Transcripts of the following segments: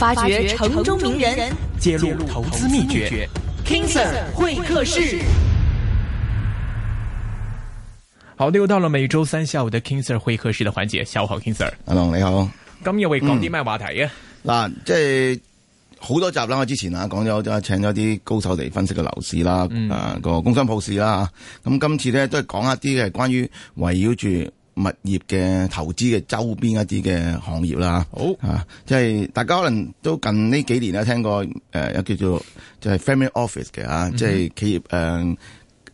發掘城中名人，揭露投資祕訣。King Sir 會客室，好，又到了每周三下午的 King Sir 會客室的環節。下午好，King Sir。阿龍你好，今日會講啲咩話題啊？嗱，即係好多集啦，我之前啊講咗，都請咗啲高手嚟分析個樓市啦、嗯啊，啊個工商鋪市啦，咁今次呢，都係講一啲係關於圍繞住。物業嘅投資嘅周邊一啲嘅行業啦，好啊，即、就、係、是、大家可能都近呢幾年咧聽過誒，又、呃、叫做即係 family office 嘅吓、啊嗯哼呃，即係企業誒，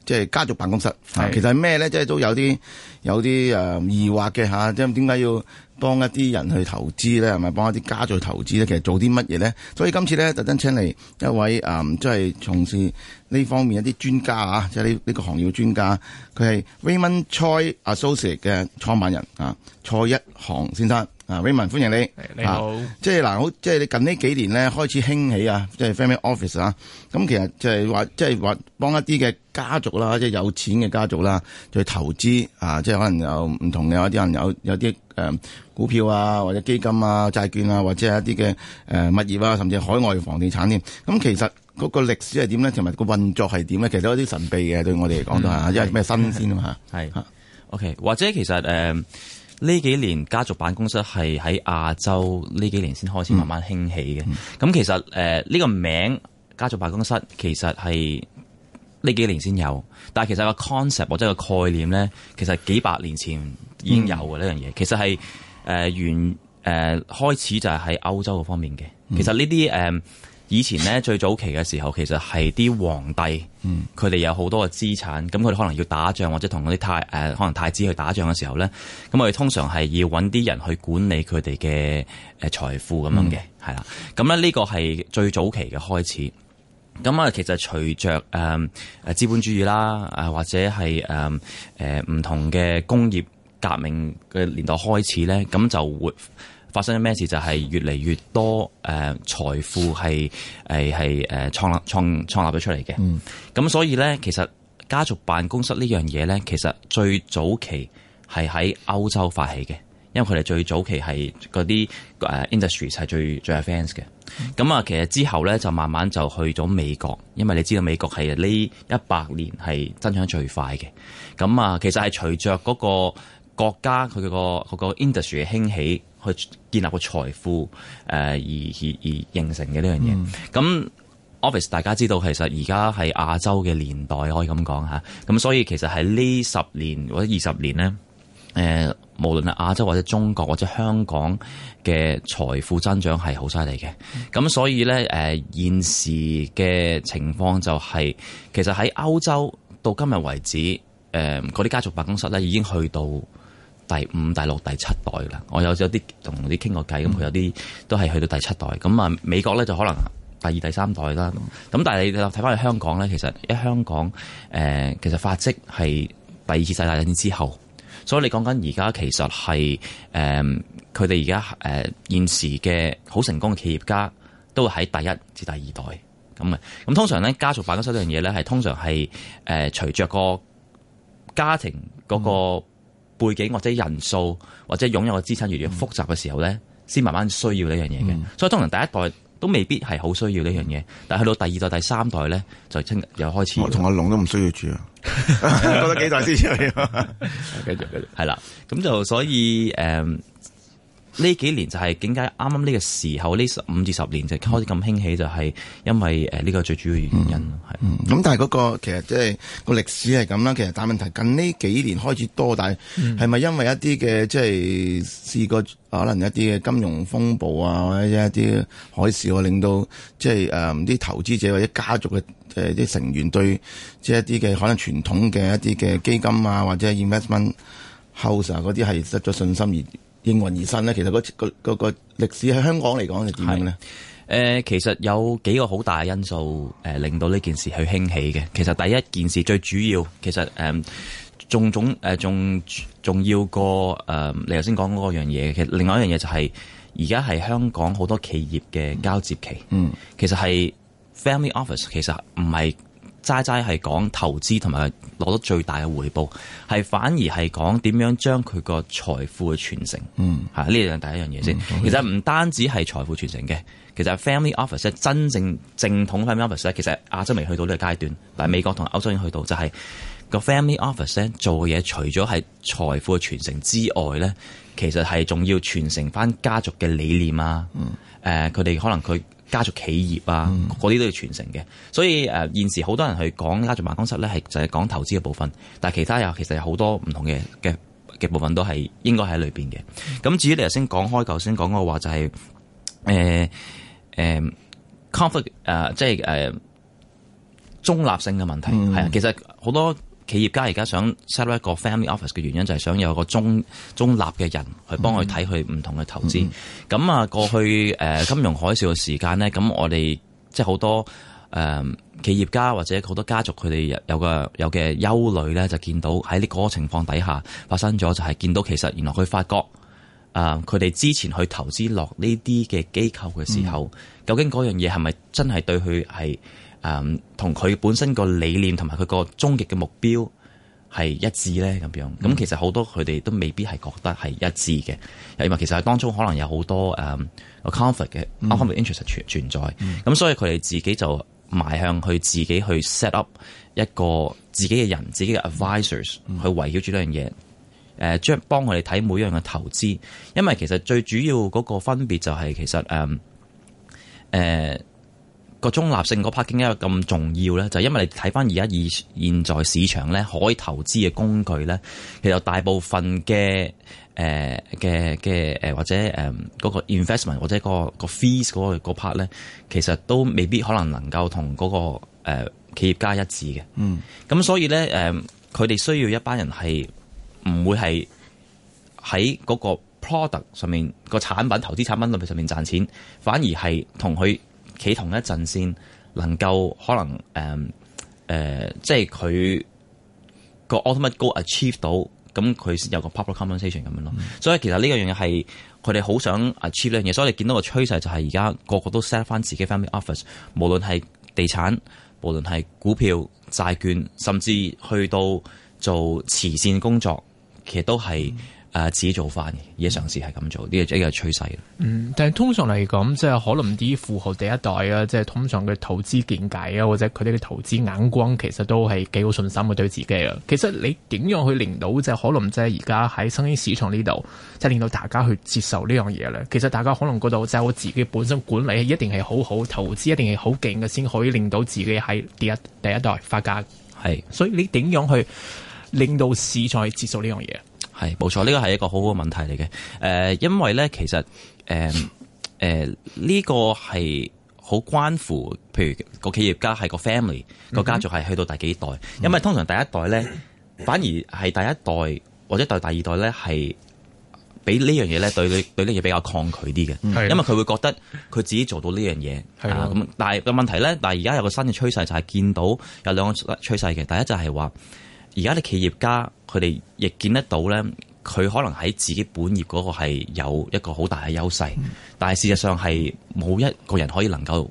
即係家族辦公室。是啊、其實係咩咧，即係都有啲有啲誒、嗯、疑惑嘅吓、啊，即係點解要幫一啲人去投資咧，係咪幫一啲家族投資咧？其實做啲乜嘢咧？所以今次咧特登請嚟一位誒，即係從事。呢方面一啲專家啊，即係呢呢個行業嘅專家，佢係 Raymond Choi Associates 嘅創辦人啊，蔡一航先生啊，Raymond 歡迎你。你好，啊、即係嗱，好、啊、即係你近呢幾年咧開始興起 Office, 啊，就是、啊，即係 Family Office 啊，咁其實即係話即係話幫一啲嘅家族啦，即係有錢嘅家族啦，去投資啊，即係可能有唔同嘅有啲人有有啲誒。呃股票啊，或者基金啊、債券啊，或者係一啲嘅誒物業啊，甚至海外房地產添。咁其實嗰個歷史係點咧？同埋個運作係點咧？其實有啲神秘嘅，對我哋嚟講都係，因為咩新鮮啊嘛。係。OK，或者其實誒呢幾年家族辦公室係喺亞洲呢幾年先開始慢慢興起嘅。咁其實誒呢個名家族辦公室其實係呢幾年先有，但係其實個 concept 或者個概念咧，其實幾百年前已經有嘅呢樣嘢。其實係。誒，原誒、呃呃、開始就係喺歐洲嗰方面嘅，其實呢啲誒以前咧，最早期嘅時候，其實係啲皇帝，佢哋、嗯、有好多嘅資產，咁佢哋可能要打仗或者同嗰啲太誒、呃、可能太子去打仗嘅時候咧，咁我哋通常係要揾啲人去管理佢哋嘅誒財富咁、嗯、樣嘅，係啦，咁咧呢個係最早期嘅開始。咁啊，其實隨着誒誒資本主義啦，誒或者係誒誒唔同嘅工業。革命嘅年代開始咧，咁就會發生咗咩事？就係、係、越嚟越多誒、呃、財富係係係誒創立創創立咗出嚟嘅。咁、嗯、所以咧，其實家族辦公室呢樣嘢咧，其實最早期係喺歐洲發起嘅，因為佢哋最早期係嗰啲誒 industry 係最最有 fans 嘅。咁啊、嗯，其實之後咧就慢慢就去咗美國，因為你知道美國係呢一百年係增長最快嘅。咁啊，其實係隨着嗰、嗰個國家佢個佢個 industry 嘅興起，去建立個財富，誒、呃、而而而形成嘅呢樣嘢。咁、mm. office 大家知道，其實而家係亞洲嘅年代，可以咁講吓。咁、啊、所以其實喺呢十年或者二十年咧，誒、呃、無論係亞洲或者中國或者香港嘅財富增長係好犀利嘅。咁、mm. 所以咧，誒、呃、現時嘅情況就係、是、其實喺歐洲到今日為止，誒嗰啲家族辦公室咧已經去到。第五、第六、第七代啦，我有有啲同啲傾過偈，咁佢有啲都係去到第七代。咁啊，美國咧就可能第二、第三代啦。咁但係你睇翻去香港咧，其實喺香港誒、呃，其實發跡係第二次世界大戰之後，所以你講緊而家其實係誒，佢哋而家誒現時嘅好成功嘅企業家，都會喺第一至第二代咁嘅。咁通常咧，家族辦公室呢樣嘢咧，係通常係誒、呃，隨着個家庭嗰個、嗯。背景或者人數或者擁有嘅資產越嚟越複雜嘅時候咧，先、嗯、慢慢需要呢樣嘢嘅。嗯、所以通常第一代都未必係好需要呢樣嘢，但係去到第二代第三代咧，就清又開始。我同阿龍都唔需要住啊，覺得 幾代先要， 跟住跟住係啦。咁就所以誒。嗯呢幾年就係點解啱啱呢個時候呢十五至十年就開始咁興起，嗯、就係因為誒呢個最主要原因係。咁、嗯是嗯、但係嗰、那個其實即係個歷史係咁啦。其實大、就、係、是、問題近呢幾年開始多，但係係咪因為一啲嘅即係試過可能一啲嘅金融風暴啊或者一啲海嘯啊，令到即係誒啲投資者或者家族嘅誒啲成員對即係一啲嘅可能傳統嘅一啲嘅基金啊或者 Investment House 嗰啲係失咗信心而應運而生咧，其實、嗰個、嗰個歷史喺香港嚟講係點樣咧？誒、呃，其實有幾個好大嘅因素誒、呃，令到呢件事去興起嘅。其實第一件事最主要，其實誒仲重誒仲仲要過誒、呃、你頭先講嗰樣嘢。其實另外一樣嘢就係而家係香港好多企業嘅交接期。嗯，其實係 family office，其實唔係。齋齋係講投資同埋攞到最大嘅回報，係反而係講點樣將佢個財富嘅傳承，嚇呢樣第一樣嘢先。嗯、其實唔單止係財富傳承嘅，其實 family office 咧，真正正統 family office 咧，其實亞洲未去到呢個階段，但係美國同歐洲已經去到，就係、是、個 family office 咧做嘅嘢，除咗係財富嘅傳承之外咧，其實係仲要傳承翻家族嘅理念啊，誒佢哋可能佢。家族企業啊，嗰啲都要傳承嘅，所以誒、呃、現時好多人去講家族辦公室咧，係就係講投資嘅部分，但係其他又其實有好多唔同嘅嘅嘅部分都係應該喺裏邊嘅。咁至於你頭先講開，頭先講嘅話就係誒誒 conflict 誒，即係誒中立性嘅問題係啊、嗯，其實好多。企業家而家想 set 一個 family office 嘅原因就係、是、想有個中中立嘅人去幫佢睇佢唔同嘅投資。咁啊、mm，hmm. 過去誒金融海嘯嘅時間呢，咁我哋即係好多誒、呃、企業家或者好多家族，佢哋有個有嘅憂慮呢，就見到喺呢個情況底下發生咗，就係、是、見到其實原來佢發覺誒佢哋之前去投資落呢啲嘅機構嘅時候，mm hmm. 究竟嗰樣嘢係咪真係對佢係？誒，同佢本身個理念同埋佢個終極嘅目標係一致咧咁樣。咁、嗯、其實好多佢哋都未必係覺得係一致嘅，因為其實喺當中可能有好多誒、um, conflict 嘅 conflict interest、嗯、存在。咁、嗯、所以佢哋自己就邁向去自己去 set up 一個自己嘅人、嗯、自己嘅 advisers 去圍繞住呢樣嘢。誒、呃，將幫我哋睇每樣嘅投資，因為其實最主要嗰個分別就係其實誒誒。呃呃個中立性嗰 part 點解會咁重要咧，就因為你睇翻而家以現在市場咧，可以投資嘅工具咧，其實大部分嘅誒嘅嘅誒或者誒嗰個 investment 或者嗰個 fees 嗰嗰 part 咧，其實都未必可能能夠同嗰、個、呃、企業家一致嘅。嗯，咁所以咧誒，佢、呃、哋需要一班人係唔會係喺嗰個 product 上面、個產品投資產品上面賺錢，反而係同佢。企同一陣線，能夠可能誒誒、呃呃，即係佢個 ultimate goal achieve 到，咁佢先有個 public compensation 咁樣咯。嗯、所以其實呢樣嘢係佢哋好想 achieve 呢樣嘢，所以你見到個趨勢就係而家個個都 set 翻自己 family office，無論係地產，無論係股票、債券，甚至去到做慈善工作，其實都係、嗯。啊！自己做翻嘅嘢，嘗試係咁做，呢個呢個趨勢。嗯，但係通常嚟講，即係可能啲富豪第一代啊，即係通常嘅投資見解啊，或者佢哋嘅投資眼光其實都係幾好信心嘅對自己啊。其實你點樣去令到即係可能即係而家喺新興市場呢度，即係令到大家去接受呢樣嘢咧？其實大家可能覺得，即係我自己本身管理一定係好好，投資一定係好勁嘅，先可以令到自己喺第一第一代發家。係是，所以你點樣去令到市場去接受呢樣嘢？係冇錯，呢個係一個好好嘅問題嚟嘅。誒、呃，因為咧，其實，誒、呃，誒、呃，呢、這個係好關乎，譬如個企業家係個 family 個家族係去到第幾代？嗯、哼因為通常第一代咧，反而係第一代或者代第二代咧，係俾呢樣嘢咧對你、嗯、哼對呢嘢比較抗拒啲嘅。因為佢會覺得佢自己做到呢樣嘢啊。咁但係個問題咧，但係而家有個新嘅趨勢就係、是、見到有兩個趨勢嘅。第一就係話。而家啲企業家佢哋亦見得到咧，佢可能喺自己本業嗰個係有一個好大嘅優勢，嗯、但係事實上係冇一個人可以能夠誒、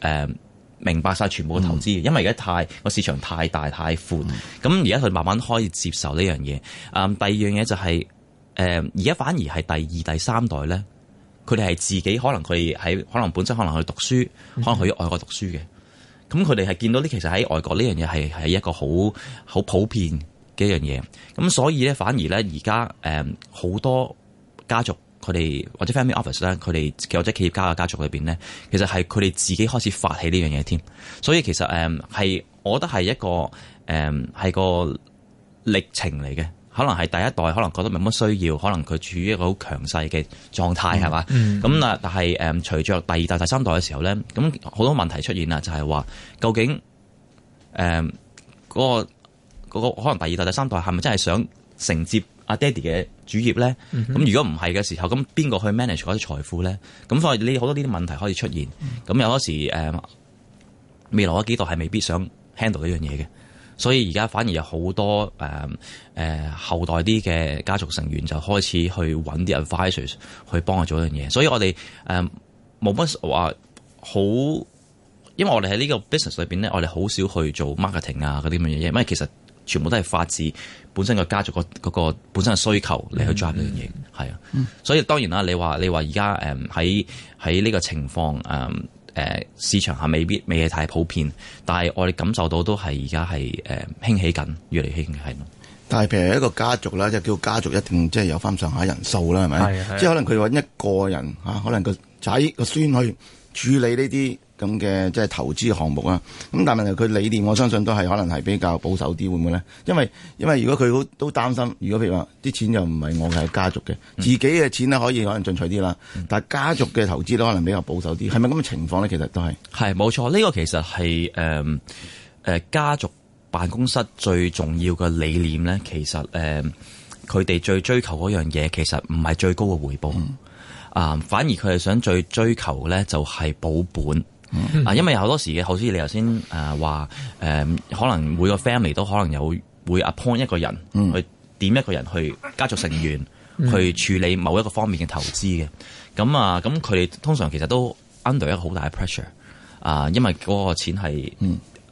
呃、明白晒全部嘅投資，嗯、因為而家太個市場太大太闊，咁而家佢慢慢可以接受呢樣嘢。誒、嗯，第二樣嘢就係誒而家反而係第二第三代咧，佢哋係自己可能佢喺可能本身可能去讀書，可能去外國讀書嘅。嗯咁佢哋係見到呢其實喺外國呢樣嘢係係一個好好普遍嘅一樣嘢，咁所以咧反而咧而家誒好多家族佢哋或者 family office 咧佢哋或者企業家嘅家族裏邊咧，其實係佢哋自己開始發起呢樣嘢添，所以其實誒係、嗯、我覺得係一個誒係、嗯、個歷程嚟嘅。可能係第一代，可能覺得冇乜需要，可能佢處於一個好強勢嘅狀態，係嘛？咁啊、mm hmm.，但係誒隨着第二代、第三代嘅時候咧，咁好多問題出現啦，就係、是、話究竟誒、嗯、嗰個嗰個可能第二代、第三代係咪真係想承接阿爹哋嘅主業咧？咁、mm hmm. 如果唔係嘅時候，咁邊個去 manage 嗰啲財富咧？咁所以呢好多呢啲問題可以出現。咁有嗰時誒、嗯、未來幾代係未必想 handle 呢樣嘢嘅。所以而家反而有好多誒誒、呃呃、後代啲嘅家族成員就開始去揾啲 advisors 去幫我做一樣嘢，所以我哋誒冇乜話好，因為我哋喺呢個 business 裏邊咧，我哋好少去做 marketing 啊嗰啲咁嘅嘢，因為其實全部都係發自本身個家族個本身嘅需求嚟去抓呢樣嘢，係、嗯嗯、啊，所以當然啦，你話你話而家誒喺喺呢個情況誒。呃誒、呃、市場下未必未係太普遍，但係我哋感受到都係而家係誒興起緊，越嚟興係咯。但係譬如一個家族啦，就是、叫家族一定即係有翻上下人數啦，係咪？係、係即係可能佢揾一個人嚇、啊，可能個仔個孫去。處理呢啲咁嘅即係投資項目啦，咁但係問題佢理念，我相信都係可能係比較保守啲，會唔會咧？因為因為如果佢都擔心，如果譬如話啲錢又唔係我嘅家族嘅，自己嘅錢咧可以可能進取啲啦，但係家族嘅投資都可能比較保守啲，係咪咁嘅情況咧？其實都係係冇錯，呢個其實係誒誒家族辦公室最重要嘅理念咧，其實誒佢哋最追求嗰樣嘢，其實唔係最高嘅回報。嗯。啊，反而佢係想最追求咧，就係保本啊，因為好多時嘅，好似你頭先誒話誒，可能每個 family 都可能有會 appoint 一個人去點一個人去家族成員去處理某一個方面嘅投資嘅，咁啊，咁佢哋通常其實都 under 一個好大嘅 pressure 啊，因為嗰個錢係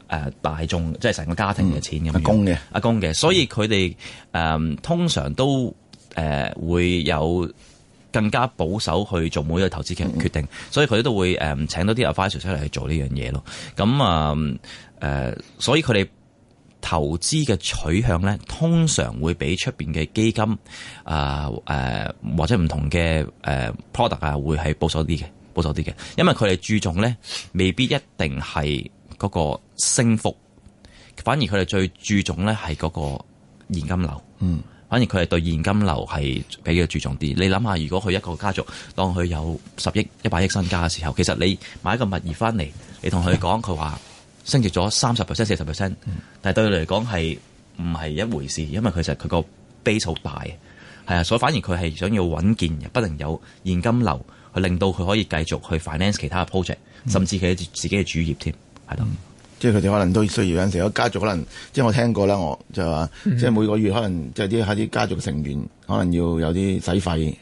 誒大眾即係成個家庭嘅錢咁阿公嘅阿公嘅，所以佢哋誒通常都誒會有。更加保守去做每一個投資嘅決定，mm hmm. 所以佢都會誒、呃、請到啲 advisor 出嚟去做呢樣嘢咯。咁啊誒，所以佢哋投資嘅取向咧，通常會比出邊嘅基金啊誒、呃呃、或者唔同嘅誒、呃、product 啊，會係保守啲嘅，保守啲嘅，因為佢哋注重咧，未必一定係嗰個升幅，反而佢哋最注重咧係嗰個現金流。嗯、mm。Hmm. 反而佢係對現金流係比較注重啲。你諗下，如果佢一個家族當佢有十億、一百億身家嘅時候，其實你買一個物業翻嚟，你同佢講佢話升值咗三十 percent、四十 percent，但係對佢嚟講係唔係一回事，因為其實佢個 base 好大嘅，係啊，所以反而佢係想要穩健，不能有現金流去令到佢可以繼續去 finance 其他嘅 project，甚至佢自己嘅主業添，係咯。即係佢哋可能都需要，有時有家族可能，即係我聽過啦。我就話，嗯、即係每個月可能，即係啲喺啲家族成員可能要有啲使費，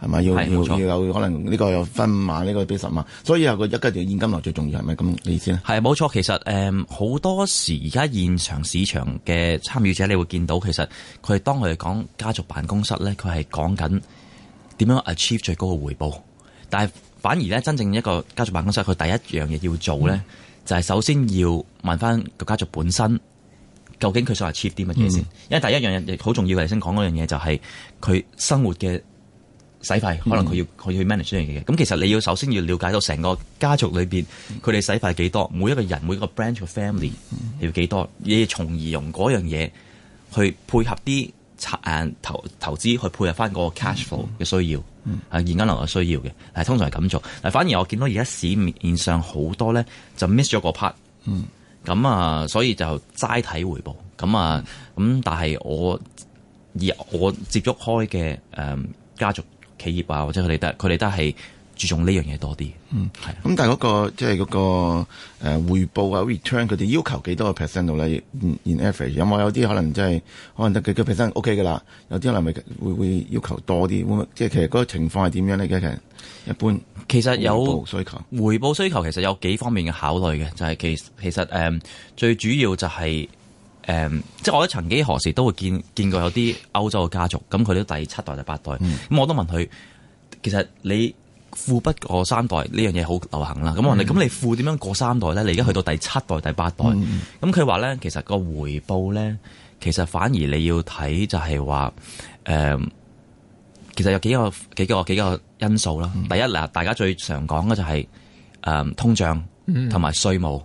係咪要沒錯 要有可能呢個有分萬，呢、這個俾十萬，所以啊個一家嘅現金流最重要，係咪咁意思咧？係冇錯，其實誒好、嗯、多時而家現場市場嘅參與者，你會見到其實佢係當佢哋講家族辦公室咧，佢係講緊點樣 achieve 最高嘅回報，但係反而咧真正一個家族辦公室，佢第一樣嘢要做咧。嗯就係首先要問翻個家族本身，究竟佢想話 achieve 啲乜嘢先？嗯、因為第一樣嘢亦好重要，黎先講嗰樣嘢就係、是、佢生活嘅使費，可能佢要佢要 manage 呢樣嘢。咁、嗯、其實你要首先要了解到成個家族裏邊佢哋使費係幾多，每一個人每個 branch 個 family 要幾多，亦、嗯、從而用嗰樣嘢去配合啲誒投投資去配合翻個 cash flow 嘅需要。嗯嗯。係、嗯、現金流嘅需要嘅，係通常係咁做。嗱，反而我見到而家市面上好多咧就 miss 咗個 part。嗯，咁啊，所以就齋睇回報。咁啊，咁但係我而我接觸開嘅誒、嗯、家族企業啊，或者佢哋得佢哋都係。注重呢樣嘢多啲，嗯，係咁、啊，但係、那、嗰個即係嗰個誒、呃、回報啊，return 佢哋要求幾多個 percent 度咧？In average 有冇有啲可能即、就、係、是、可能得嘅嘅 percent O K 嘅啦？有啲可能咪會會要求多啲，會即係其實嗰個情況係點樣咧？其實一般其實有回報需求，回報需求其實有幾方面嘅考慮嘅，就係、是、其其實誒、嗯、最主要就係、是、誒、嗯、即係我喺曾幾何時都會見見過有啲歐洲嘅家族咁，佢都第七代第八代咁、嗯嗯，我都問佢其實你。富不過三代呢樣嘢好流行啦，咁我問你，咁你富點樣過三代咧？你而家去到第七代、mm. 第八代，咁佢話咧，其實個回報咧，其實反而你要睇就係話，誒、呃，其實有幾個幾個幾個因素啦。Mm. 第一嗱，大家最常講嘅就係誒通脹，同埋稅務，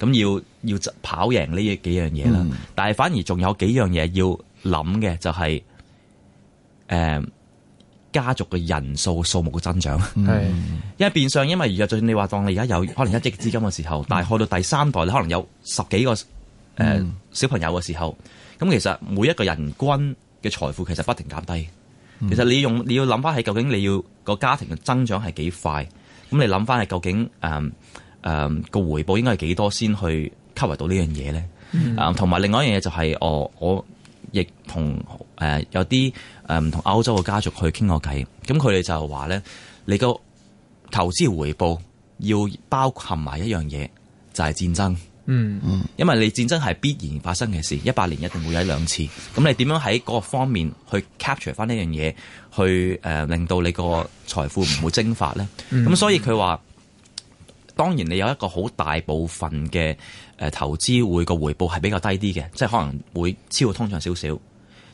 咁、mm. 要要跑贏呢幾樣嘢啦。Mm. 但係反而仲有幾樣嘢要諗嘅，就係、是、誒。呃家族嘅人數、數目嘅增長，嗯、因為變相，因為而家就算你話當你而家有可能一億資金嘅時候，嗯、但係去到第三代，你可能有十幾個誒、呃嗯、小朋友嘅時候，咁其實每一個人均嘅財富其實不停減低。嗯、其實你用你要諗翻起，究竟你要個家庭嘅增長係幾快？咁你諗翻係究竟誒誒個回報應該係幾多先去吸維到呢樣嘢咧？啊、嗯，同埋、嗯、另外一樣嘢就係、是、我、呃、我亦同誒有啲。呃呃呃呃呃呃呃誒，唔同歐洲嘅家族去傾過偈，咁佢哋就話咧，你個投資回報要包含埋一樣嘢就係、是、戰爭，嗯，因為你戰爭係必然發生嘅事，一百年一定會有一兩次。咁你點樣喺嗰個方面去 capture 翻呢樣嘢，去誒、呃、令到你個財富唔會蒸發咧？咁、嗯嗯、所以佢話，當然你有一個好大部分嘅誒、呃、投資會個回報係比較低啲嘅，即係可能會超過通脹少少。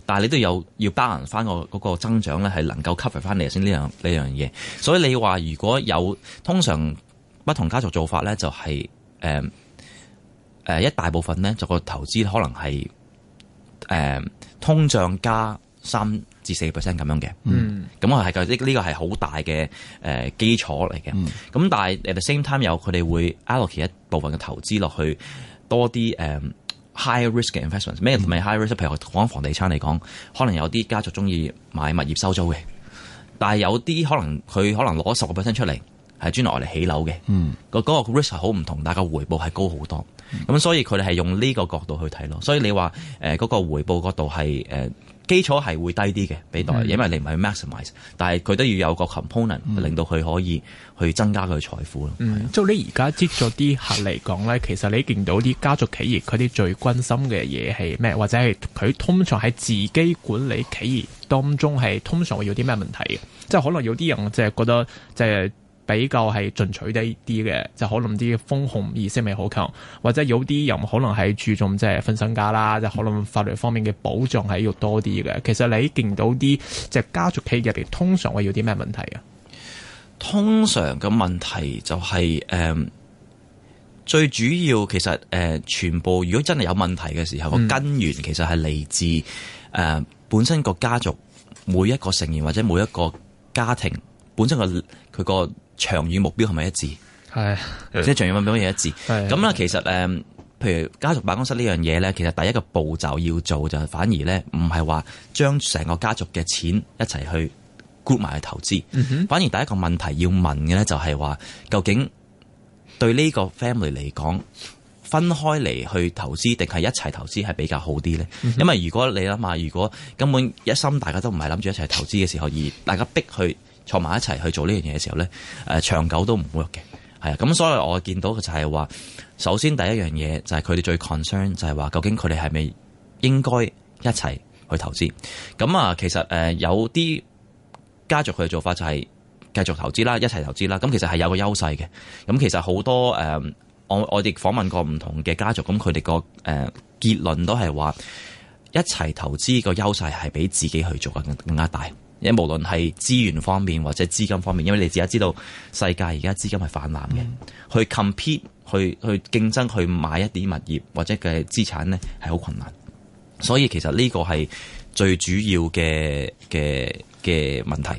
但係你都有要平衡翻個嗰個增長咧，係能夠吸叢翻嚟先呢樣呢樣嘢。所以你話如果有通常不同家族做法咧、就是，就係誒誒一大部分咧，就個投資可能係誒、呃、通脹加三至四 percent 咁樣嘅。嗯這這，咁我係嘅呢呢個係好大嘅誒基礎嚟嘅。咁、嗯、但係誒，same time 有佢哋會 allocate 一部分嘅投資落去多啲誒。呃 high risk 嘅 investments 咩同埋 high risk？譬如我講房地產嚟講，可能有啲家族中意買物業收租嘅，但係有啲可能佢可能攞十個 percent 出嚟，係專嚟嚟起樓嘅。嗯，個嗰個 risk 係好唔同，但係個回報係高好多。咁、嗯、所以佢哋係用呢個角度去睇咯。所以你話誒嗰個回報角度係誒。呃基礎係會低啲嘅，俾代，因為你唔係 maximize，但係佢都要有個 component 令到佢可以去增加佢嘅財富咯。嗯，的嗯，即係你而家接咗啲客嚟講咧，其實你見到啲家族企業佢啲最關心嘅嘢係咩？或者係佢通常喺自己管理企業當中係通常會有啲咩問題嘅？即係可能有啲人即係覺得即係。比較係進取低啲嘅，就可能啲風控意識咪好強，或者有啲人可能係注重即係分身家啦，就可能法律方面嘅保障係要多啲嘅。其實你見到啲即係家族企業，入邊通常會有啲咩問題啊？通常嘅問題就係、是、誒、呃、最主要，其實誒、呃、全部如果真係有問題嘅時候，嗯、根源其實係嚟自誒、呃、本身個家族每一個成員或者每一個家庭本身嘅佢個。長遠目標係咪一致？係的即係長遠目標係一致。咁啦的，其實誒，譬如家族辦公室呢樣嘢咧，其實第一個步驟要做就係反而咧，唔係話將成個家族嘅錢一齊去 group 埋去投資。嗯、哼反而第一個問題要問嘅咧，就係話究竟對呢個 family 嚟講，分開嚟去投資定係一齊投資係比較好啲咧？嗯、哼因為如果你諗下，如果根本一心大家都唔係諗住一齊投資嘅時候，而大家逼去。坐埋一齊去做呢樣嘢嘅時候咧，誒、呃、長久都唔 work 嘅，係啊，咁所以我見到嘅就係話，首先第一樣嘢就係佢哋最 concern 就係話，究竟佢哋係咪應該一齊去投資？咁、嗯、啊，其實誒、呃、有啲家族佢嘅做法就係繼續投資啦，一齊投資啦，咁其實係有個優勢嘅。咁其實好多誒、呃，我我哋訪問過唔同嘅家族，咁佢哋個誒結論都係話，一齊投資個優勢係比自己去做嘅更加大。因為無論係資源方面或者資金方面，因為你自己知道世界而家資金係泛濫嘅，Mm hmm. 去 compete 去去競爭去買一啲物業或者嘅資產呢係好困難，所以其實呢個係最主要嘅嘅嘅問題。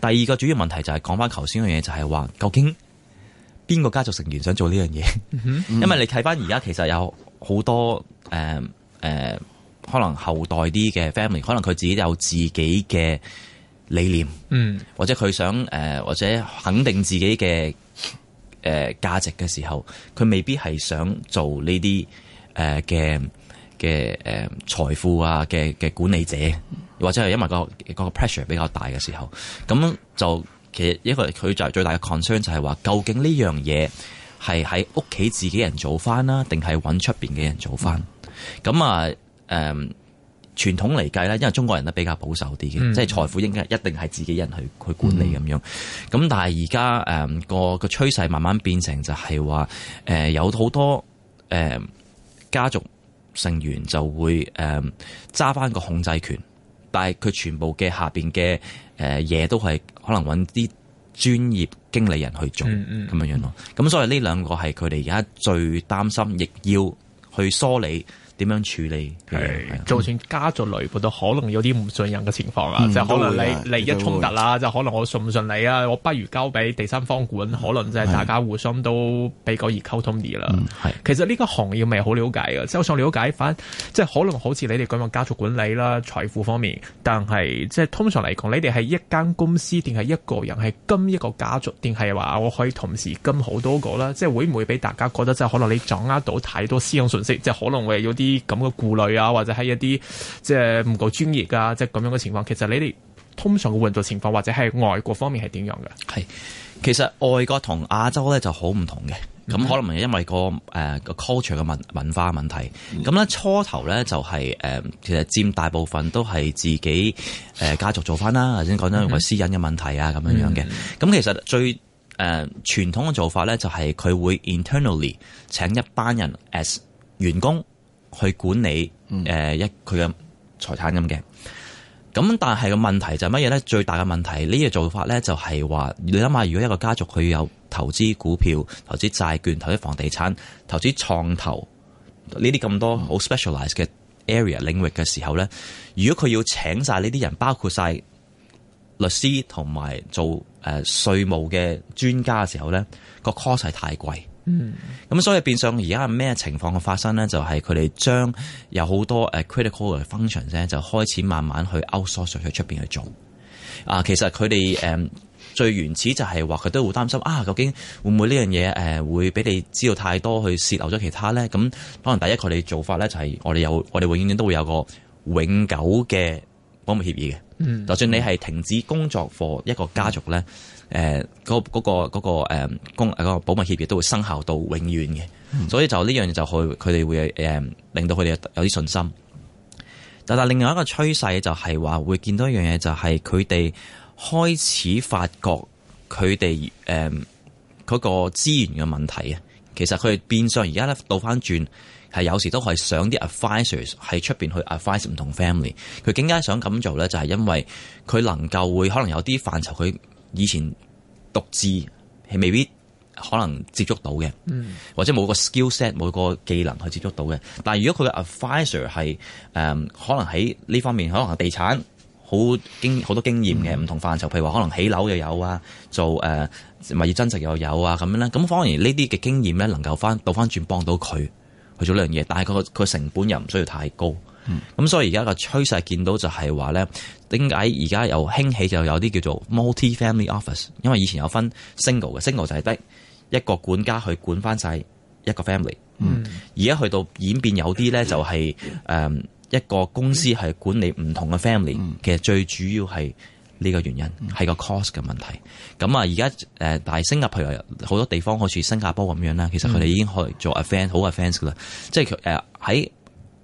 第二個主要問題就係講翻頭先嗰樣嘢，就係、是、話究竟邊個家族成員想做呢樣嘢？Mm hmm. 因為你睇翻而家其實有好多誒誒、呃呃，可能後代啲嘅 family，可能佢自己有自己嘅。理念，或者佢想誒、呃，或者肯定自己嘅誒、呃、價值嘅時候，佢未必係想做呢啲誒嘅嘅誒財富啊嘅嘅管理者，或者係因為、嗰個、嗰個 pressure 比較大嘅時候，咁就其實一個佢就係最大嘅 concern 就係、係、話究竟呢樣嘢係喺屋企自己人做翻啦，定係揾出邊嘅人做翻？咁、嗯、啊誒。呃傳統嚟計咧，因為中國人都比較保守啲嘅，嗯、即係財富應該一定係自己人去去管理咁樣。咁、嗯、但係而家誒個個趨勢慢慢變成就係話誒有好多誒、呃、家族成員就會誒揸返個控制權，但係佢全部嘅下邊嘅誒嘢都係可能搵啲專業經理人去做咁、嗯嗯、樣咯。咁、嗯、所以呢兩個係佢哋而家最擔心，亦要去梳理。點樣處理？係就算家族內部都可能有啲唔信任嘅情況啊，就是、嗯、可能你利益衝突啦、啊，就可能我信唔信你啊？我不如交俾第三方管，是可能即係大家互相都比較易溝通啲啦。其實呢個行業未好了解嘅，即係我想了解翻，即、就、係、是、可能好似你哋咁嘅家族管理啦，財富方面，但係即係通常嚟講，你哋係一間公司定係一個人係跟一個家族，定係話我可以同時跟好多個啦？即、就、係、是、會唔會俾大家覺得即係、就是、可能你掌握到太多私隱信息？即、就、係、是、可能會有啲。啲咁嘅顧慮啊，或者係一啲即係唔夠專業啊，即係咁樣嘅情況。其實你哋通常嘅運作情況，或者係外國方面係點樣嘅？係其實外國同亞洲咧就好唔同嘅。咁、嗯、可能係因為、個誒 culture 嘅文文化問題。咁咧、嗯、初頭咧就係、是、誒、呃，其實佔大部分都係自己誒、呃、家族做翻啦。頭先講咗用個私隱嘅問題啊，咁、嗯嗯、樣樣嘅。咁其實最誒、呃、傳統嘅做法咧，就係佢會 internally 請一班人 as 員工。去管理誒一佢嘅財產咁嘅，咁但係個問題就係乜嘢咧？最大嘅問題呢、呢個做法咧就係、是、話，你諗下，如果一個家族佢有投資股票、投資債券、投資房地產、投資創投呢啲咁多好 specialized 嘅 area 領域嘅時候咧，如果佢要請晒呢啲人，包括晒律師同埋做誒稅務嘅專家嘅時候咧，個 cost 係太貴。嗯，咁所以變相而家係咩情況嘅發生咧？就係佢哋將有好多誒 critical function 咧，就開始慢慢去 outsourcing 去出邊去做。啊，其實佢哋誒最原始就係話佢都會擔心啊，究竟會唔會呢樣嘢誒會俾你知道太多去泄漏咗其他咧？咁、嗯嗯、可能第一佢哋做法咧就係我哋有我哋永遠都會有個永久嘅保密協議嘅。就算你係停止工作或一個家族咧。誒，嗰嗰、啊那個、那個誒、那個啊、公個、啊、保密協議都會生效到永遠嘅，嗯、所以就呢樣就佢佢哋會誒、啊、令到佢哋有啲信心。但但另外一個趨勢就係話會見到一樣嘢，就係佢哋開始發覺佢哋誒嗰個資源嘅問題啊。其實佢哋變相而家咧倒翻轉係有時都係想啲 advisors 喺出邊去 advise 唔同 family。佢點解想咁做咧？就係因為佢能夠會可能有啲範疇佢。以前獨資係未必可能接觸到嘅，嗯、或者冇個 skill set、冇個技能去接觸到嘅。但係如果佢嘅 advisor 係誒、呃，可能喺呢方面可能係地產好經好多經驗嘅唔同範疇，譬、嗯、如話可能起樓又有啊，做誒、呃、物業增值又有啊咁樣咧。咁反而呢啲嘅經驗咧能夠翻倒翻轉幫到佢去做呢樣嘢，但係佢個佢成本又唔需要太高。咁、嗯、所以而家個趨勢見到就係話咧，點解而家又興起就有啲叫做 multi-family office？因為以前有分 single 嘅，single 就係得一個管家去管翻晒一個 family。嗯。而家去到演變有啲咧就係、是、誒、呃、一個公司係管理唔同嘅 family，其實最主要係呢個原因係、嗯、個 cost 嘅問題。咁啊，而家誒大新加坡譬如好多地方，好似新加坡咁樣啦，其實佢哋已經可以做 advance 好嘅 advance 噶啦，即係誒喺。呃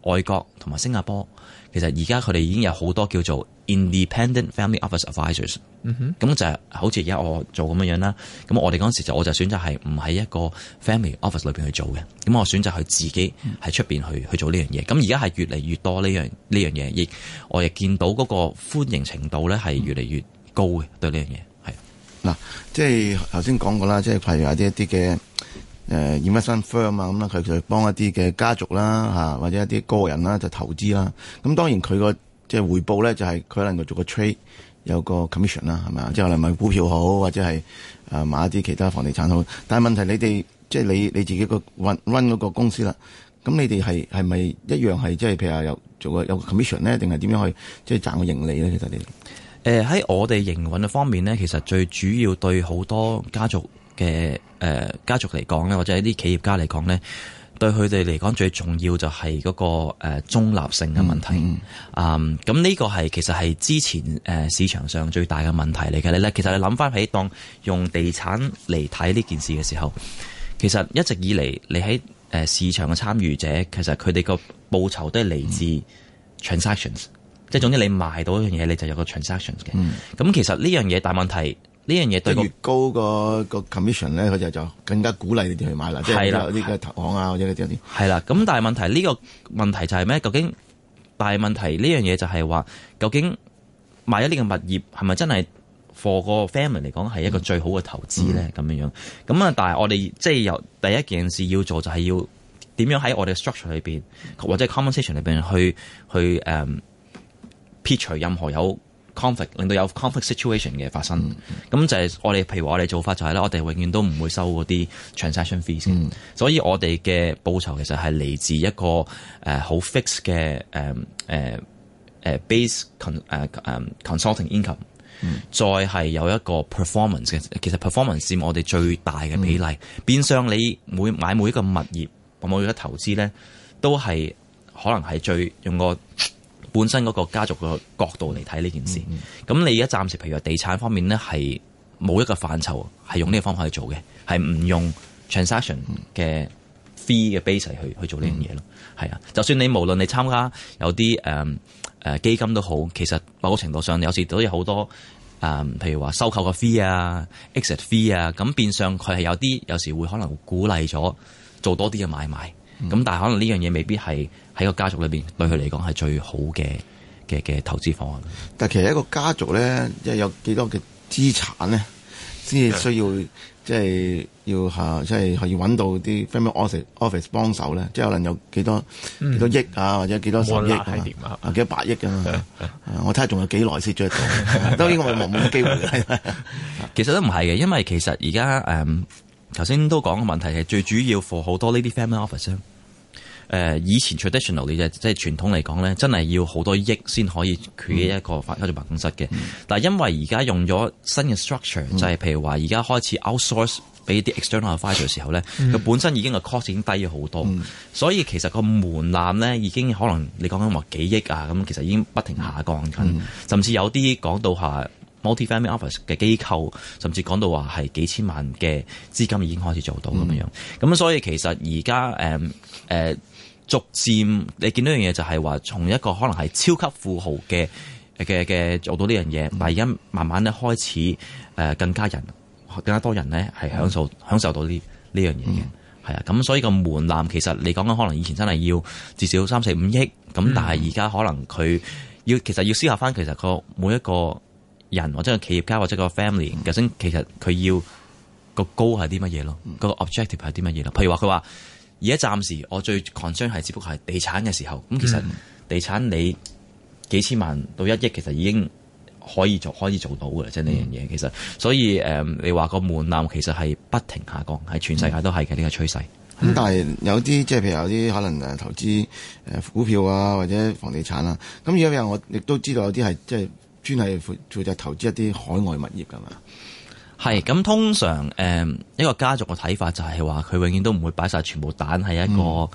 外國同埋新加坡，其實而家佢哋已經有好多叫做 independent family office advisers，咁、嗯、哼就係好似而家我做咁樣樣啦。咁我哋嗰陣時就我就選擇係唔喺一個 family office 裏邊去做嘅，咁我選擇去自己喺出邊去、嗯、去做呢樣嘢。咁而家係越嚟越多呢樣呢樣嘢，亦我亦見到嗰個歡迎程度咧係越嚟越高嘅。嗯、對呢樣嘢係嗱，即係頭先講過啦，即係譬如話一啲嘅。誒，investment firm 啊，咁啦，佢就幫一啲嘅家族啦，嚇或者一啲個人啦，就投資啦。咁當然佢個即係回報咧，就係佢能夠做個 trade 有個 commission 啦，係咪啊？即係可能買股票好，或者係啊買一啲其他房地產好。但係問題，你哋即係你你自己個 run run 嗰個公司啦，咁你哋係係咪一樣係即係譬如話有做個有 commission 咧，定係點樣去即係賺個盈利咧？其實你誒喺我哋營運嘅方面咧，其實最主要對好多家族。嘅誒家族嚟講咧，或者一啲企業家嚟講咧，對佢哋嚟講最重要就係嗰個誒中立性嘅問題。嗯、mm。啊，咁呢個係其實係之前誒市場上最大嘅問題嚟嘅你咧。其實你諗翻起當用地產嚟睇呢件事嘅時候，其實一直以嚟你喺誒市場嘅參與者，其實佢哋個報酬都係嚟自 transactions，、mm hmm. 即係總之你賣到一樣嘢，你就有個 transactions 嘅。嗯、mm。咁、hmm. 其實呢樣嘢大問題。呢樣嘢對越高個個 commission 咧，佢就就更加鼓勵你哋去買啦，的即係呢個呢個投行啊，的或者嗰啲。係啦，咁但係問題呢、這個問題就係咩？究竟大問題呢樣嘢就係話，究竟買咗呢個物業係咪真係 for 個 family 嚟講係一個最好嘅投資咧？咁、嗯嗯、樣樣咁啊！但係我哋即係由第一件事要做就係要點樣喺我哋 structure 裏邊或者 conversation 裏邊去去誒、呃、撇除任何有。conflict 令到有 conflict situation 嘅發生，咁就係我哋，譬如話我哋做法就係咧，我哋永遠都唔會收嗰啲 transaction fees 嘅，所以我哋嘅報酬其實係嚟自一個誒好 fix 嘅誒誒誒 base con 誒誒 consulting income，再係有一個 performance 嘅，其實 performance 佔我哋最大嘅比例，變相你每買每一個物業，我每一個投資咧，都係可能係最用個。本身個家族個角度嚟睇呢件事，咁、嗯、你而家暫時譬如話地產方面咧，係冇一個範疇，係用呢個方法去做嘅，係唔用 transaction 嘅 fee 嘅 base 去去做呢樣嘢咯。係啊，就算你無論你參加有啲誒誒基金都好，其實某個程度上有時都有好多誒、嗯、譬如話收購個 fee 啊、exit fee 啊，咁變相佢係有啲有時會可能鼓勵咗做多啲嘅買賣。咁但係可能呢樣嘢未必係喺個家族裏邊對佢嚟講係最好嘅嘅嘅投資方案。但係其實一個家族咧，即係有幾多嘅資產咧，先至需要 Yeah. 即係要嚇、啊，即係可以揾到啲 family office office 幫手咧？即係可能有幾多幾多億啊，或者幾多十億啊，嗯、啊啊幾多百億㗎、啊 Yeah. 啊、我睇下仲有幾耐先著到、 啊，都應該係冇乜機會。 其實都唔係嘅，因為其實而家誒，頭、嗯、先都講嘅問題係最主要，for 好多呢啲 family office。誒、呃、以前 traditional 嘅即係傳統嚟講咧，真係要好多億先可以佢一個開咗辦公室嘅。嗯、但係因為而家用咗新嘅 structure、嗯、就係譬如話而家開始 outsource 俾啲 external advisor 嘅時候咧，佢、嗯、本身已經個 cost 已經低咗好多，嗯、所以其實個門檻咧已經可能你講緊話幾億啊，咁其實已經不停下降緊，嗯、甚至有啲講到話 multi-family office 嘅機構，甚至講到話係幾千萬嘅資金已經開始做到咁樣。咁、嗯嗯、所以其實而家誒誒。呃呃逐漸你見到一樣嘢就係話，從一個可能係超級富豪嘅嘅嘅做到呢樣嘢，嗯、但而家慢慢咧開始誒更加人更加多人咧係享受、嗯、享受到呢呢樣嘢嘅，係啊，咁、嗯、所以個門檻其實你講緊可能以前真係要至少三四五億，咁但係而家可能佢要其實要思考翻其實個每一個人或者個企業家或者個 family，究竟其實佢要個 goal 係啲乜嘢咯，個 objective 係啲乜嘢咯，譬如話佢話。而家暫時我最 concern 係只不過係地產嘅時候，咁、嗯、其實地產你幾千萬到一億其實已經可以做可以做到嘅啦，即係呢樣嘢其實，所以誒、嗯、你話個門檻其實係不停下降，係全世界都係嘅呢個趨勢。咁、嗯嗯、但係有啲即係譬如有啲可能誒投資誒股票啊或者房地產啊。咁因為我亦都知道有啲係即係專係負責投資一啲海外物業㗎嘛。係咁，通常誒、嗯、一個家族嘅睇法就係、是、話，佢永遠都唔會擺晒全部蛋喺一個、嗯、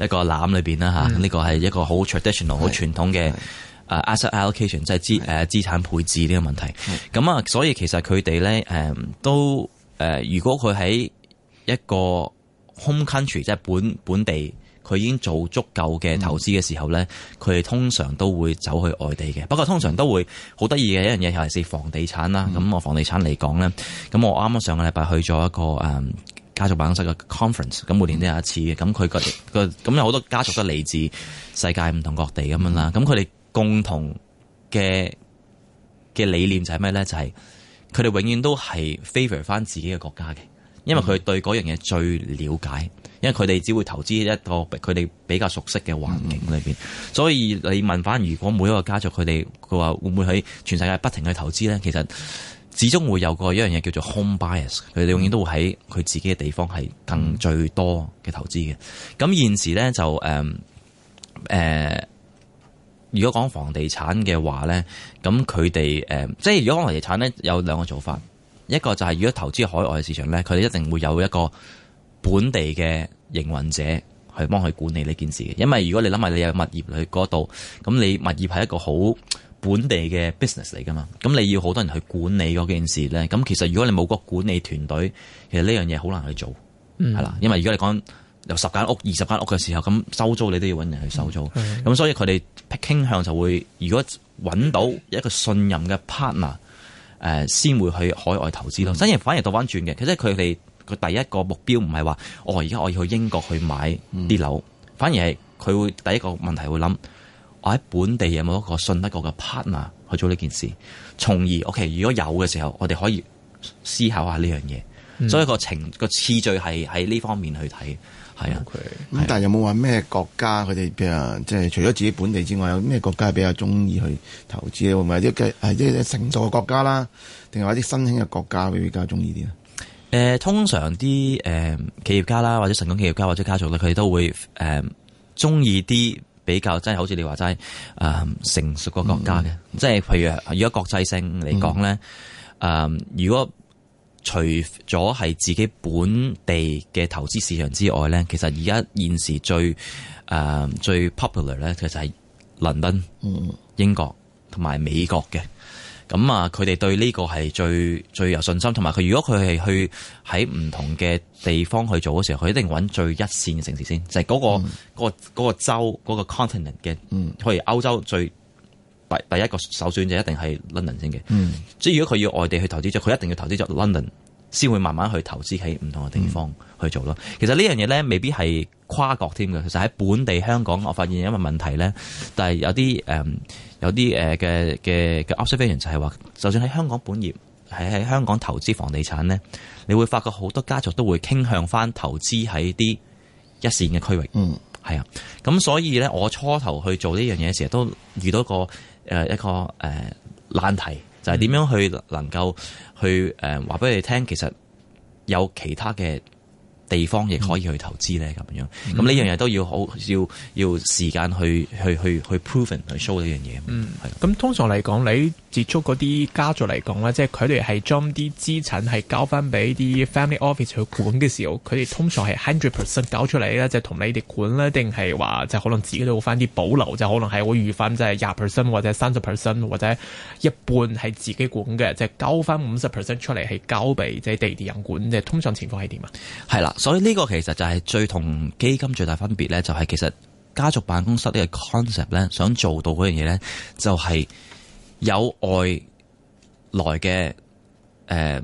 一個籃裏邊啦嚇。呢個係一個好 traditional 是、好傳統嘅啊 asset allocation，即係資誒資產配置呢個問題。咁啊，所以其實佢哋咧誒都誒、呃，如果佢喺一個 home country，即係本本地。佢已經做足夠嘅投資嘅時候咧，佢哋、嗯、通常都會走去外地嘅。不過通常都會好得意嘅一樣嘢又係房地產啦。咁、嗯、我房地產嚟講咧，咁我啱啱上個禮拜去咗一個誒、嗯、家族辦公室嘅 conference。咁每年都有一次嘅。咁佢佢佢咁有好多家族都嚟自世界唔同各地咁樣啦。咁佢哋共同嘅嘅理念就係咩咧？就係佢哋永遠都係 favor 翻自己嘅國家嘅。因為佢對樣嘢最了解，因為佢哋只會投資一個佢哋比較熟悉嘅環境裏邊，嗯嗯，所以你問翻如果每一個家族佢哋佢話會唔會喺全世界不停去投資咧？其實始終會有一個一樣嘢叫做 home bias，佢哋永遠都會喺佢自己嘅地方係更最多嘅投資嘅。咁、嗯、現時咧就誒誒、呃，如果講房地產嘅話咧，咁佢哋誒，即係如果講房地產咧，有兩個做法。一個就係、是、如果投資海外市場呢，佢哋一定會有一個本地嘅營運者去幫佢管理呢件事，因為如果你諗埋你有物業去嗰度，咁你物業係一個好本地嘅 business 嚟㗎嘛。咁你要好多人去管理嗰件事呢，咁其實如果你冇個管理團隊，其實呢樣嘢好難去做，係啦、嗯。因為如果你講有十間屋、二十間屋嘅時候，咁收租你都要揾人去收租，咁、嗯、所以佢哋傾向就會如果揾到一個信任嘅 partner。誒先會去海外投資咯，反而反而倒翻轉嘅，其實佢哋佢第一個目標唔係話，哦，我而家我要去英國去買啲樓，嗯、反而係佢會第一個問題會諗，我喺本地有冇一個信得過嘅 partner 去做呢件事，從而，OK，如果有嘅時候，我哋可以思考下呢樣嘢。嗯、所以個程，個次序係喺呢方面去睇，係啊。咁，嗯嗯、但係有冇話咩國家佢哋嘅，即係、就是、除咗自己本地之外，有咩國家係比較中意去投資咧？會唔會即計係成熟嘅國家啦，定係一啲新興嘅國家會比較中意啲咧？誒、呃，通常啲誒、呃、企業家啦，或者成功企業家或者家族咧，佢哋都會誒中意啲比較真係好似你話齋誒成熟嘅國家嘅，嗯、即係譬如如果國際性嚟講咧，誒、嗯呃、如果。除咗係自己本地嘅投資市場之外咧，其實而家現時最誒、呃、最 popular 咧，其實係倫敦，嗯，英國同埋美國嘅。咁啊，佢哋對呢個係最最有信心，同埋佢如果佢係去喺唔同嘅地方去做嘅時候，佢一定揾最一線嘅城市先，就係嗰個嗰個嗰個州嗰個 continent 嘅，嗯，譬如歐洲最。第一個首選就一定係 London 先嘅，嗯，即係如果佢要外地去投資咗，佢一定要投資咗 London 先會慢慢去投資喺唔同嘅地方去做咯、嗯。其實呢樣嘢咧，未必係跨國添嘅。其實喺本地香港，我發現一個問題咧，但係有啲誒、嗯、有啲誒嘅、呃、嘅嘅 observation 就係話，就算喺香港本業，喺喺香港投資房地產咧，你會發覺好多家族都會傾向翻投資喺啲一,一線嘅區域，嗯，係啊，咁所以咧，我初頭去做呢樣嘢嘅時候都遇到個。誒，一個誒難、呃、題就係、是、點樣去能夠去誒話俾你聽，其實有其他嘅，地方亦可以去投資咧，咁樣，嗯，咁呢樣嘢都要好要要時間去去去去 proven 去 show 呢樣嘢。嗯，係的。咁、嗯、通常嚟講，你接觸嗰啲家族嚟講咧，即係佢哋係將啲資產係交翻俾啲 family office 去管嘅時候，佢哋通常係 hundred percent 交出嚟咧，即係同你哋管咧，定係話即係可能自己做翻啲保留，就可能係會預翻即係廿 percent 或者三十 percent 或者一半係自己管嘅，即係交翻五十 percent 出嚟係交俾即係地鐵人管嘅。通常情況係點啊？係啦。所以呢個其實就係最同基金最大分別咧，就係其實家族辦公室呢個 concept 咧，想做到嗰樣嘢咧，就係有外來嘅誒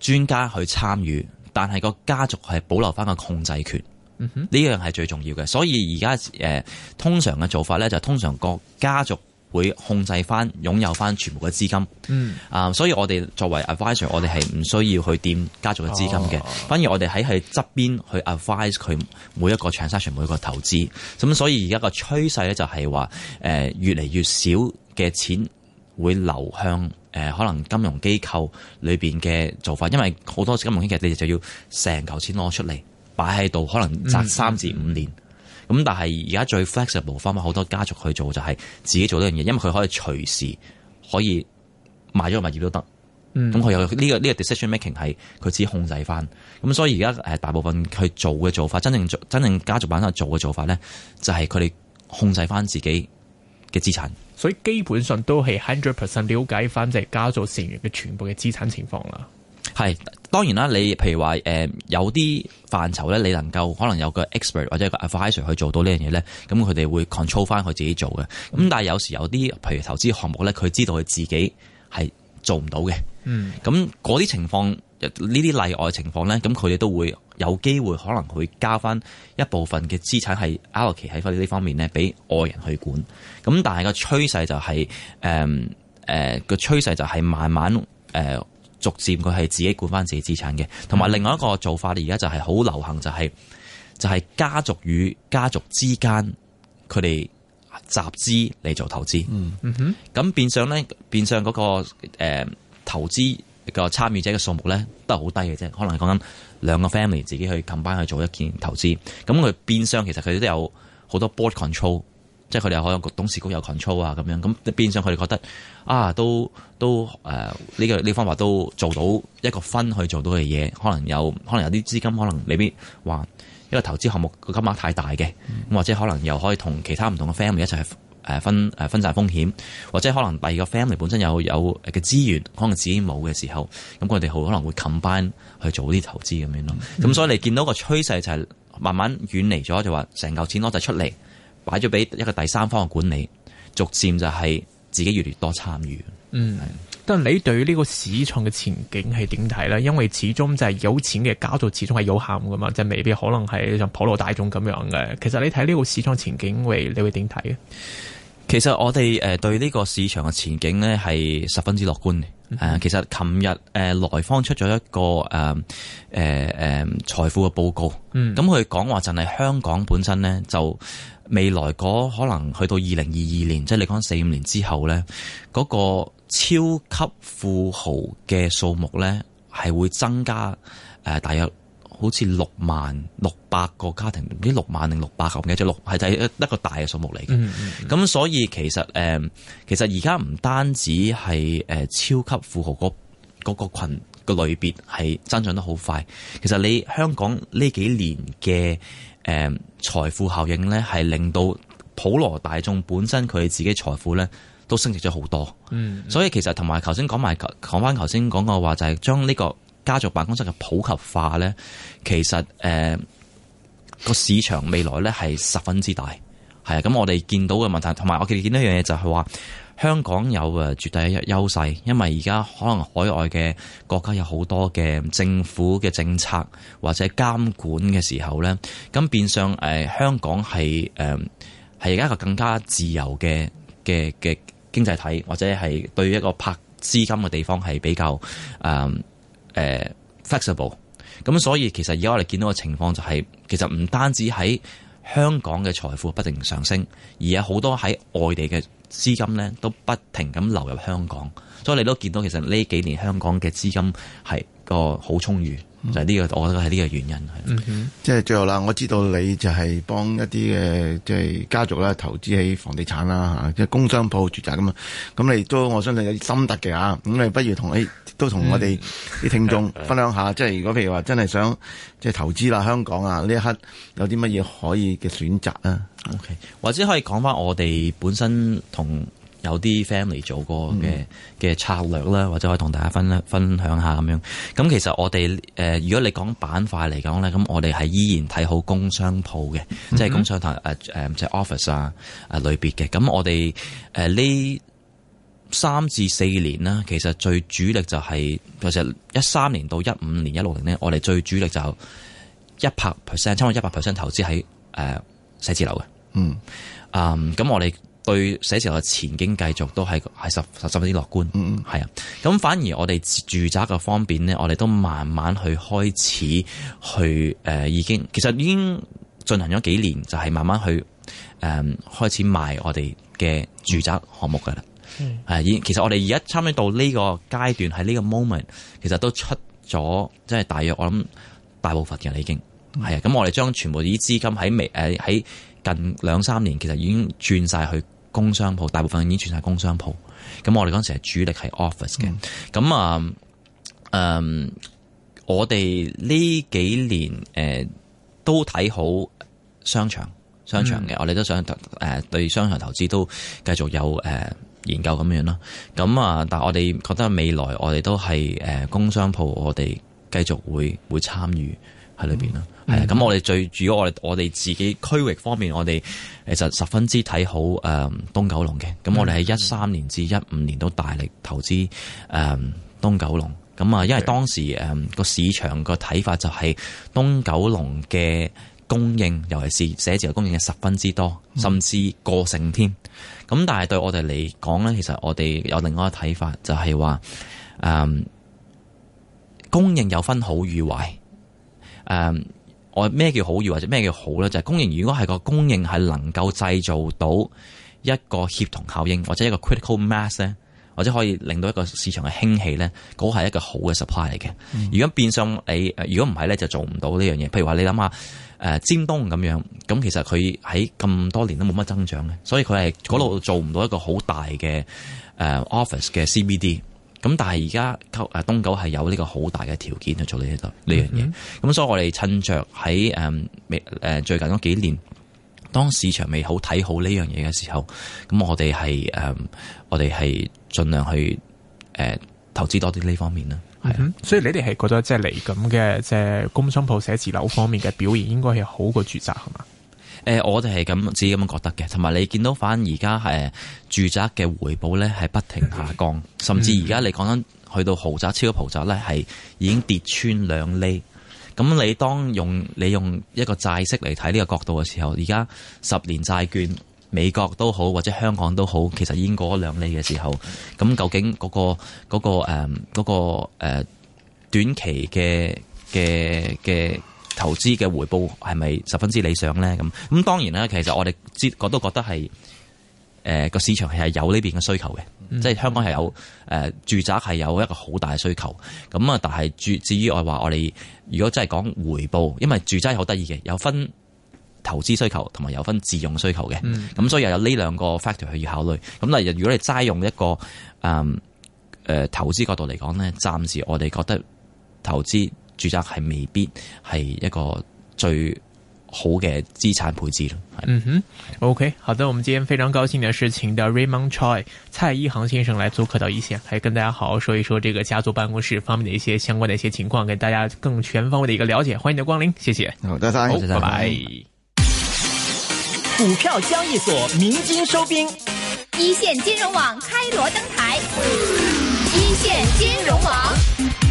專家去參與，但係個家族係保留翻個控制權。嗯哼，呢樣係最重要嘅。所以而家誒通常嘅做法咧，就通常個家族。會控制翻，擁有翻全部嘅資金。嗯啊，uh，所以我哋作為 advisor，我哋係唔需要去掂家族嘅資金嘅，哦、反而我哋喺佢側邊去 advise 佢每一個 transaction 每一個投資。咁所以而家個趨勢咧就係話，誒、呃、越嚟越少嘅錢會流向誒、呃、可能金融機構裏邊嘅做法，因為好多金融機構你就要成嚿錢攞出嚟擺喺度，可能賺三至五年。嗯嗯。咁但係而家最 flexible 方，好多家族去做就係自己做呢樣嘢，因為佢可以隨時可以賣咗個物業都得。咁佢、嗯、有呢、呢個呢、呢個 decision making 係佢自己控制翻。咁所以而家誒大部分去做嘅做法，真正做真正家族辦去做嘅做法咧，就係佢哋控制翻自己嘅資產。所以基本上都係 hundred percent 了解翻即係家族成員嘅全部嘅資產情況啦。係。當然啦，你譬如話誒、呃、有啲範疇咧，你能夠可能有個 expert 或者個 advisor 去做到呢樣嘢咧，咁佢哋會 control 翻佢自己做嘅。咁但係有時有啲譬如投資項目咧，佢知道佢自己係做唔到嘅。嗯。咁嗰啲情況，呢啲例外情況咧，咁佢哋都會有機會可能會加翻一部分嘅資產係 allocate 喺呢呢方面咧，俾外人去管。咁但係個趨勢就係誒誒個趨勢就係慢慢誒。呃逐漸佢係自己管翻自己資產嘅，同埋另外一個做法，而家就係好流行就係就係家族與家族之間佢哋集資嚟做投資。嗯哼，咁變相咧，變相嗰個呃投資個參與者嘅數目咧都係好低嘅啫。可能講緊兩個 family 自己去 combine 去做一件投資，咁佢變相其實佢都有好多 board control。即係佢哋可能董事局有 control 啊，咁樣咁變相佢哋覺得啊，都都誒呢、呃呢個呢方法都做到一個分去做到嘅嘢，可能有可能有啲資金可能未必話因為投資項目個金額太大嘅，咁或者可能又可以同其他唔同嘅 family 一齊誒分誒、啊、分散、啊、風險，或者可能第二個 family 本身有有嘅資源可能自己冇嘅時候，咁佢哋好可能會 combine 去做啲投資咁樣咯。咁、嗯、所以你見到個趨勢就係慢慢遠離咗，就話成嚿錢攞就出嚟。擺咗俾一個第三方嘅管理，逐漸就係自己越嚟越多參與。嗯，是但係你對呢個市場嘅前景係點睇咧？因為始終就係有錢嘅家族始終係有限噶嘛，就是，未必可能係像普羅大眾咁樣嘅。其實你睇呢個市場前景，會你會點睇，嗯呃？其實我哋誒對呢個市場嘅前景咧係十分之樂觀嘅。誒，其實琴日誒，萊坊出咗一個誒誒誒財富嘅報告，咁佢講話就係香港本身咧就。未來嗰可能去到二零二二年，即係你講四五年之後咧，嗰、嗰個超級富豪嘅數目咧，係會增加誒、呃，大約好似六萬六百個家庭，唔知六萬定六百咁嘅，就六係就係一個大嘅數目嚟嘅、嗯。嗯咁、嗯、所以其實誒、呃，其實而家唔單止係誒超級富豪嗰嗰、嗰個羣嘅、嗰個、類別係增長得好快，其實你香港呢幾年嘅。嗯誒財富效應咧，係令到普羅大眾本身佢自己財富咧都升值咗好多。嗯，嗯，所以其實同埋頭先講埋講翻頭先講嘅話，就係將呢個家族辦公室嘅普及化咧，其實誒個、呃、市場未來咧係十分之大。係啊，咁我哋見到嘅問題，同埋我哋見到一樣嘢就係話。香港有誒絕對優勢，因為而家可能海外嘅國家有好多嘅政府嘅政策或者監管嘅時候呢，咁變相誒、呃、香港係誒係一個更加自由嘅嘅嘅經濟體，或者係對一個拍資金嘅地方係比較誒誒 flexible。咁、呃呃、Flex 所以其實而家我哋見到嘅情況就係、是、其實唔單止喺香港嘅財富不停上升，而有好多喺外地嘅資金咧，都不停咁流入香港，所以你都見到其實呢幾年香港嘅資金係個好充裕。就係呢個，我覺得係呢個原因係。即係。嗯哼。最後啦，我知道你就係幫一啲嘅即係家族啦，投資喺房地產啦吓，即係工商鋪住宅咁嘛。咁你都我相信有啲心得嘅啊。咁你不如同你都同我哋啲聽眾分享下，即係如果譬如話真係想即係投資啦，香港啊呢一刻有啲乜嘢可以嘅選擇啊？OK，或者可以講翻我哋本身同。有啲 family 做過嘅嘅策略啦，或者可以同大家分享下咁樣。咁其實我哋誒，如果你講板塊嚟講咧，咁我哋係依然睇好工商鋪嘅，嗯、哼即係工商同誒誒即係 office 啊啊類別嘅。咁我哋誒呢三至四年啦，其實最主力就係其實一三年到一五年、一六年呢，我哋最主力就一百 percent，差唔多一百 percent 投資喺誒寫字樓嘅。嗯啊，咁、um，我哋。對寫字樓嘅前景繼續都係係十十十分之樂觀，嗯嗯，係啊。咁反而我哋住宅嘅方面咧，我哋都慢慢去開始去誒，已、呃、經其實已經進行咗幾年，就係、是、慢慢去誒、呃、開始賣我哋嘅住宅項目㗎啦。係、嗯，已其實我哋而家差唔多到呢個階段，喺呢個 moment，其實都出咗，即係大約我諗大部分嘅已經。係啊，咁、嗯、我哋將全部啲資金喺未誒喺近兩三年，其實已經轉晒去。工商鋪大部分已經轉晒工商鋪，咁我哋嗰時係主力係 office 嘅，咁啊，嗯，uh, um, 我哋呢幾年誒、uh, 都睇好商場商場嘅，嗯、我哋都想投誒、uh, 對商場投資都繼續有誒、uh, 研究咁樣咯，咁啊，uh, 但係我哋覺得未來我哋都係誒、uh, 工商鋪，我哋繼續會會參與喺裏邊咯。嗯嗯係咁，我哋、嗯、最主要我我哋自己區域方面，我哋其實十分之睇好誒東九龍嘅。咁、嗯、我哋喺一三年至一五年都大力投資誒東九龍。咁啊，因為當時誒個市場個睇法就係東九龍嘅供應，尤其係寫字樓供應嘅十分之多，甚至過剩添。咁但係對我哋嚟講咧，其實我哋有另外一個睇法，就係話誒供應有分好與壞，誒、嗯。我咩叫好嘢或者咩叫好咧？就係、是、供應，如果係個供應係能夠製造到一個協同效應或者一個 critical mass 咧，或者可以令到一個市場嘅興起咧，嗰係一個好嘅 supply 嚟嘅。嗯、如果變相你，如果唔係咧，就做唔到呢樣嘢。譬如話你諗下誒尖東咁樣，咁其實佢喺咁多年都冇乜增長嘅，所以佢係嗰度做唔到一個好大嘅誒、呃、office 嘅 CBD。咁但係而家東九係有呢個好大嘅條件去做呢度呢樣嘢，咁所以我哋趁着喺誒未誒最近嗰幾年，當市場未好睇好呢樣嘢嘅時候，咁我哋係誒我哋係盡量去誒、嗯、投資多啲呢方面啦。係、啊嗯嗯、所以你哋係覺得即係嚟咁嘅即係工商舖寫字樓方面嘅表現應該係好過住宅係嘛？誒、呃，我哋係咁，自己咁樣覺得嘅，同埋你見到反而而家誒住宅嘅回報咧，係不停下降， 甚至而家你講緊去到豪宅、超級豪宅咧，係已經跌穿兩厘。咁你當用你用一個債息嚟睇呢個角度嘅時候，而家十年債券美國都好，或者香港都好，其實已經過咗兩厘嘅時候，咁究竟嗰、嗰個嗰、嗰個誒短期嘅嘅嘅投資嘅回報係咪十分之理想咧？咁咁當然啦，其實我哋知我都覺得係誒個市場係有呢邊嘅需求嘅，嗯、即係香港係有誒、呃、住宅係有一個好大嘅需求。咁啊，但係住至於我話我哋如果真係講回報，因為住宅好得意嘅，有分投資需求同埋有分自用需求嘅。咁、嗯、所以又有呢兩個 factor 去要考慮。咁例如，如果你齋用一個誒誒、嗯呃、投資角度嚟講咧，暫時我哋覺得投資住宅係未必係一個最好嘅資產配置咯。嗯哼，OK，好的，我們今天非常高興的是請到 Raymond Choi 蔡一航先生來做客到一線，嚟跟大家好好說一說這個家族辦公室方面的一些相關的一些情況，給大家更全方位嘅一個了解。歡迎你的光臨，謝謝。好、嗯，再見，拜拜。股票交易所鳴金收兵，一線金融網開鑼登台，一線金融網。